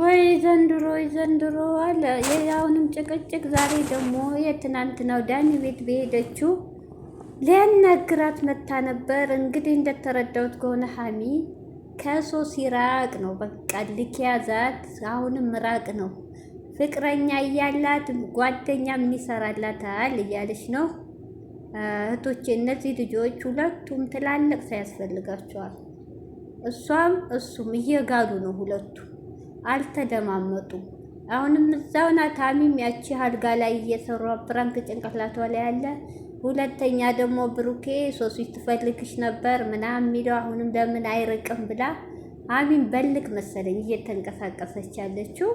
ወይ ዘንድሮ ዘንድሮ አለ። የአሁንም ጭቅጭቅ ዛሬ ደግሞ ነው ዳኒ ቤት በሄደችው ሊያናግራት መታ ነበር። እንግዲህ እንደተረዳሁት ከሆነ ሀሚ ከሶሲ ራቅ ነው በቃ ልክ ያዛት። አሁንም ራቅ ነው ፍቅረኛ እያላት ጓደኛ ምን ይሰራላታል እያለች ነው። እህቶቼ እነዚህ ልጆች ሁለቱም ትላልቅ ሳያስፈልጋቸዋል። እሷም እሱም እየጋሉ ነው ሁለቱም አልተደማመጡም። አሁንም እዛውና ታሚም ያቺ አልጋ ላይ እየሰሩ ፕራንክ ጭንቅላቷ ላይ ያለ ሁለተኛ ደግሞ ብሩኬ ሶስት ትፈልግሽ ነበር ምናምን የሚለው አሁንም ለምን አይርቅም ብላ አሚን በልክ መሰለኝ እየተንቀሳቀሰች ያለችው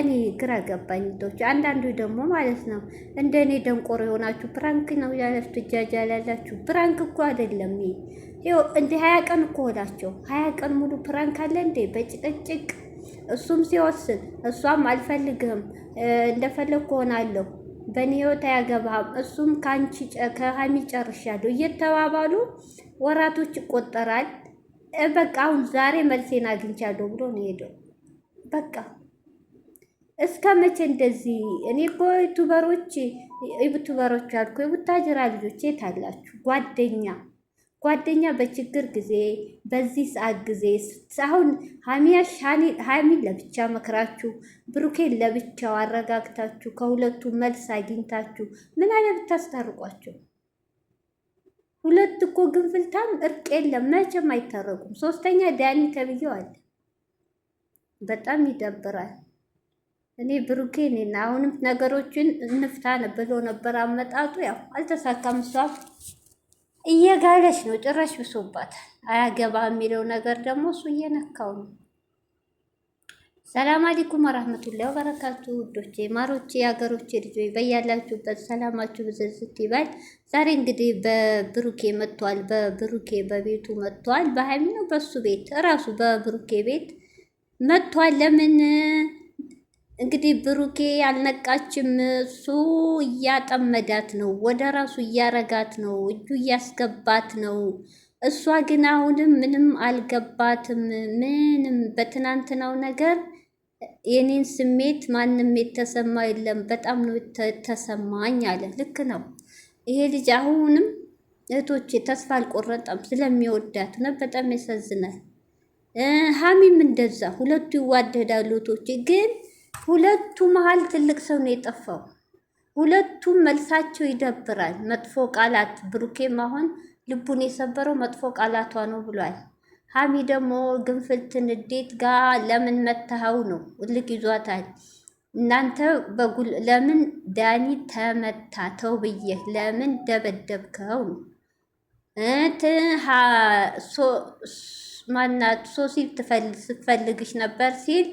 እኔ ግራ ገባኝ። ዶች አንዳንዱ ደግሞ ማለት ነው እንደ እኔ ደንቆሮ የሆናችሁ ፕራንክ ነው ያላችሁ እጃጃ ያላችሁ ፕራንክ እኮ አይደለም። ይው እንደ ሀያ ቀን እኮ ሆናቸው ሀያ ቀን ሙሉ ፕራንክ አለ እንዴ? በጭቅጭቅ እሱም ሲወስን እሷም አልፈልግህም እንደፈለግ ከሆናለሁ በእኔ ህይወት አያገባህም እሱም ከአንቺ ከሀሚ ጨርሻለሁ እየተባባሉ ወራቶች ይቆጠራል። በቃ አሁን ዛሬ መልሴን አግኝቻለሁ ብሎ ነው ሄደው በቃ እስከ መቼ እንደዚህ? እኔ እኮ ዩቱበሮች ዩቱበሮች አልኩ የቡታጅራ ልጆች የት አላችሁ ጓደኛ ጓደኛ በችግር ጊዜ በዚህ ሰዓት ጊዜ አሁን ሀሚያ ሀሚን ለብቻ መክራችሁ ብሩኬን ለብቻው አረጋግታችሁ ከሁለቱ መልስ አግኝታችሁ ምን አለ ብታስታርቋቸው። ሁለት እኮ ግንፍልታም እርቅ የለም፣ መቼም አይታረቁም። ሶስተኛ ዳኒ ተብዬው አለ። በጣም ይደብራል። እኔ ብሩኬ እኔና አሁንም ነገሮችን እንፍታ ብሎ ነበር አመጣጡ። ያው አልተሳካም። እሷም እየጋለች ነው፣ ጭራሽ ብሶባት አያገባ የሚለው ነገር ደግሞ እሱ እየነካው ነው። ሰላም አለይኩም ወራህመቱላሂ ወበረካቱ። ውዶቼ ማሮቼ፣ የሀገሮቼ ልጆች በያላችሁበት ሰላማችሁ ብዝዝት ይበል። ዛሬ እንግዲህ በብሩኬ መጥቷል፣ በብሩኬ በቤቱ መጥቷል። በሀይሚ ነው በሱ ቤት እራሱ በብሩኬ ቤት መጥቷል። ለምን እንግዲህ ብሩኬ ያልነቃችም እሱ እያጠመዳት ነው፣ ወደ ራሱ እያረጋት ነው፣ እጁ እያስገባት ነው። እሷ ግን አሁንም ምንም አልገባትም። ምንም በትናንትናው ነገር የኔን ስሜት ማንም የተሰማ የለም፣ በጣም ነው የተሰማኝ አለ። ልክ ነው ይሄ ልጅ አሁንም እህቶቼ ተስፋ አልቆረጠም፣ ስለሚወዳት ነው። በጣም ያሳዝናል። ሀሚም እንደዛ ሁለቱ ይዋደዳሉ እህቶቼ ግን ሁለቱ መሀል ትልቅ ሰው ነው የጠፋው። ሁለቱም መልሳቸው ይደብራል። መጥፎ ቃላት ብሩኬ ማሆን ልቡን የሰበረው መጥፎ ቃላቷ ነው ብሏል። ሀሚ ደግሞ ግንፍልትን እንዴት ጋ ለምን መታኸው ነው እልክ ይዟታል። እናንተ በጉል ለምን ዳኒ ተመታ ተው ለምን ደበደብከው ነው ማናት ሶሲ ስትፈልግሽ ነበር ሲል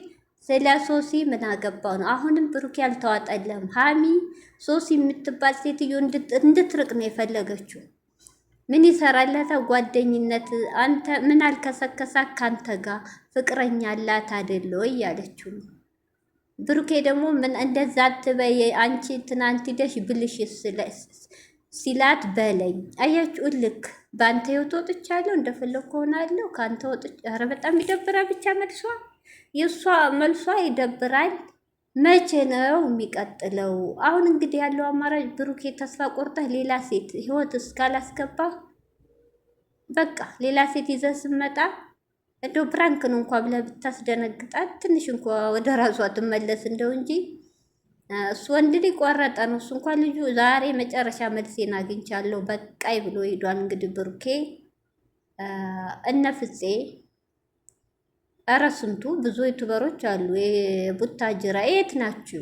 ስለ ሶሲ ምን አገባው ነው? አሁንም ብሩኬ አልተዋጠለም። ሀሚ ሶሲ የምትባል ሴትዮ እንድትርቅ ነው የፈለገችው። ምን ይሰራላት ጓደኝነት? አንተ ምን አልከሰከሳ ካንተ ጋር ፍቅረኛ አላት አይደለ እያለችው ነው። ብሩኬ ደግሞ ምን እንደዛ አትበይ አንቺ ትናንት ደሽ ብልሽ ሲላት በለኝ። አያችሁ ልክ በአንተ ህይወት ወጥቻለሁ እንደፈለግ ከሆናለሁ ከአንተ ወጥ። ኧረ በጣም ይደብራ ብቻ መልሷል። የእሷ መልሷ ይደብራል። መቼ ነው የሚቀጥለው? አሁን እንግዲህ ያለው አማራጭ ብሩኬ፣ ተስፋ ቆርጠህ ሌላ ሴት ህይወት እስካላስገባ በቃ ሌላ ሴት ይዘህ ስመጣ እንደው ብራንክን እንኳ ብለህ ብታስደነግጣት ትንሽ እንኳ ወደ ራሷ ትመለስ እንደው እንጂ እሱ ወንድ ልጅ ቆረጠ ነው። እሱ እንኳ ልጁ ዛሬ መጨረሻ መልሴን አግኝቻለሁ በቃይ ብሎ ሄዷል። እንግዲህ ብሩኬ እነ ፍፄ እረ ስንቱ ብዙ ዩቱበሮች አሉ። ጅራ የት ናችሁ?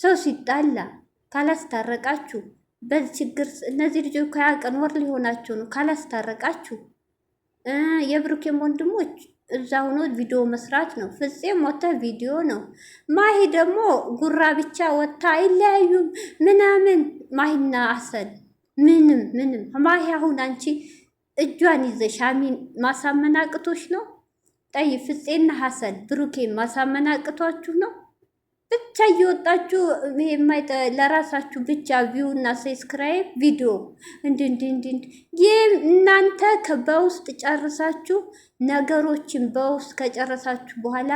ሰው ሲጣላ ካላስታረቃችሁ በዚህ ችግር እነዚህ ልጆች ከያቀን ወር ሊሆናቸው ነው። ካላስታረቃችሁ የብሩኬም ወንድሞች እዛ ሆኖ ቪዲዮ መስራት ነው። ፍጼ ሞተ ቪዲዮ ነው። ማሂ ደግሞ ጉራ ብቻ ወጥታ አይለያዩም ምናምን ማሂና አሰል ምንም ምንም ማሂ አሁን አንቺ እጇን ይዘሽ አሚን ማሳመን አቅቶሽ ነው ጠይ ፍፄና ሀሰን ብሩኬ ማሳመን አቅቷችሁ ነው ብቻ እየወጣችሁ ለራሳችሁ ብቻ ቪው እና ሰብስክራይብ ቪዲዮ እንድንድንድንድ ይህ እናንተ በውስጥ ጨርሳችሁ ነገሮችን በውስጥ ከጨረሳችሁ በኋላ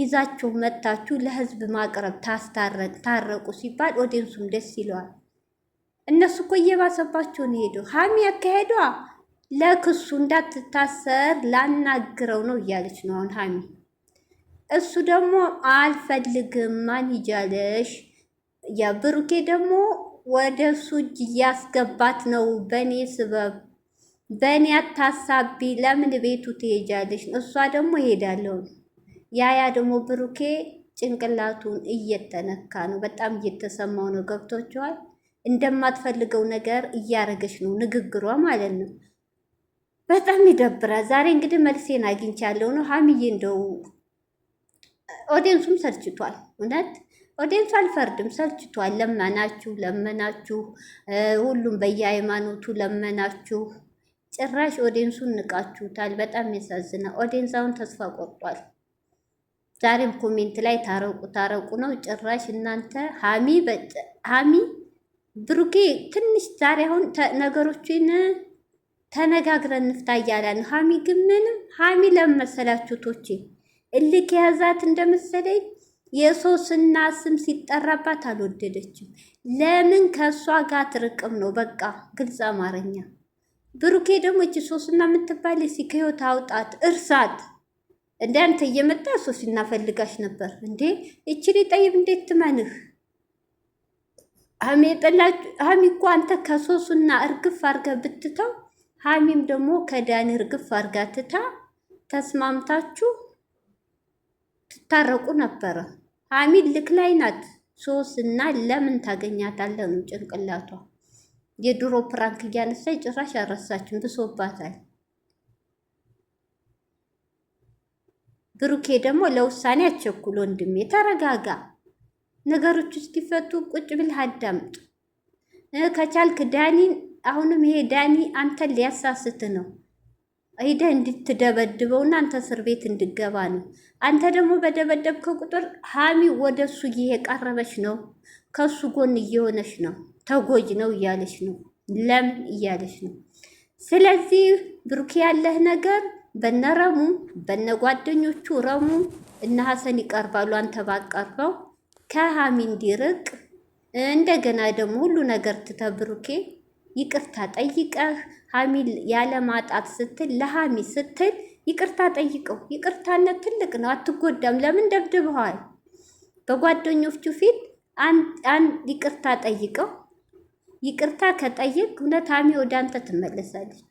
ይዛችሁ መታችሁ ለህዝብ ማቅረብ ታስታረቅ ታረቁ ሲባል ኦዲንሱም ደስ ይለዋል። እነሱ እኮ እየባሰባቸው ነው ሄዱ ሀሚ ያካሄዷ ለክሱ እንዳትታሰር ላናግረው ነው እያለች ነው አሁን ሀሚ። እሱ ደግሞ አልፈልግም ማን ይጃለሽ። ያ ብሩኬ ደግሞ ወደ እሱ እጅ እያስገባት ነው። በእኔ ስበብ በእኔ አታሳቢ፣ ለምን ቤቱ ትሄጃለሽ? እሷ ደግሞ እሄዳለሁ። ያያ ደግሞ ብሩኬ ጭንቅላቱን እየተነካ ነው፣ በጣም እየተሰማው ነው። ገብቶችዋል። እንደማትፈልገው ነገር እያረገች ነው፣ ንግግሯ ማለት ነው። በጣም ይደብራል። ዛሬ እንግዲህ መልሴን አግኝቻለሁ ነው ሀሚዬ። እንደው ኦዲየንሱም ሰልችቷል። እውነት ኦዲየንሱ አልፈርድም፣ ሰልችቷል። ለመናችሁ ለመናችሁ፣ ሁሉም በየሃይማኖቱ ለመናችሁ። ጭራሽ ኦዲየንሱን ንቃችሁታል። በጣም ያሳዝነ። ኦዲየንስ አሁን ተስፋ ቆርጧል። ዛሬም ኮሜንት ላይ ታረቁ ታረቁ ነው። ጭራሽ እናንተ ሀሚ ሀሚ ብሩኬ ትንሽ ዛሬ አሁን ነገሮችን ተነጋግረን እንፍታ እያላን ሀሚ ግን ምንም ሀሚ ለመሰላችሁ ቶቼ እልክ የያዛት እንደመሰለኝ የሶስና ስም ሲጠራባት አልወደደችም። ለምን ከእሷ ጋር ትርቅም ነው በቃ ግልጽ አማርኛ። ብሩኬ ደግሞ እች ሶስና የምትባል ሲ ከህይወት አውጣት እርሳት። እንደ አንተ እየመጣ ሶስና ፈልጋሽ ነበር እንዴ? እቺ ጠይብ እንዴት ትመንህ? ሀሚ ጠላ ሀሚ እኮ አንተ ከሶስና እርግፍ አርገ ብትተው ሀሚም ደግሞ ከዳኒ እርግፍ አርጋትታ ትታ ተስማምታችሁ ትታረቁ ነበረ። ሀሚ ልክ ላይ ናት። ሶስ እና ለምን ታገኛታለህ ነው ጭንቅላቷ። የድሮ ፕራንክ እያነሳች ጭራሽ አረሳችን ብሶባታል። ብሩኬ ደግሞ ለውሳኔ አቸኩል። ወንድሜ ተረጋጋ፣ ነገሮች እስኪፈቱ ቁጭ ብለህ አዳምጥ። ከቻልክ ዳኒን አሁንም ይሄ ዳኒ አንተን ሊያሳስትህ ነው። ሂደህ እና አንተ እስር ቤት እንድገባ ነው። አንተ ደግሞ በደበደብከው ቁጥር ሀሚ ወደ እሱ እየቀረበች ነው፣ ከሱ ጎን እየሆነች ነው፣ ተጎጅ ነው እያለች ነው፣ ለም እያለች ነው። ስለዚህ ብሩክ ያለህ ነገር በነረሙ በነጓደኞቹ ረሙ እነ ሀሰን ይቀርባሉ። አንተ ባቀርበው ከሀሚ እንዲርቅ እንደገና ደግሞ ሁሉ ነገር ትተህ ብሩኬ ይቅርታ ጠይቀህ ሀሚል ያለማጣት ስትል ለሀሚ ስትል ይቅርታ ጠይቀው። ይቅርታነት ትልቅ ነው፣ አትጎዳም። ለምን ደብድበዋል? በጓደኞቹ ፊት አንድ ይቅርታ ጠይቀው። ይቅርታ ከጠየቅ እውነት ሀሚ ወደ አንተ ትመለሳለች።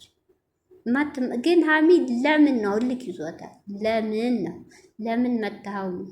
ግን ሀሚ ለምን ነው እልክ ይዞታል? ለምን ነው ለምን መታኸው ነው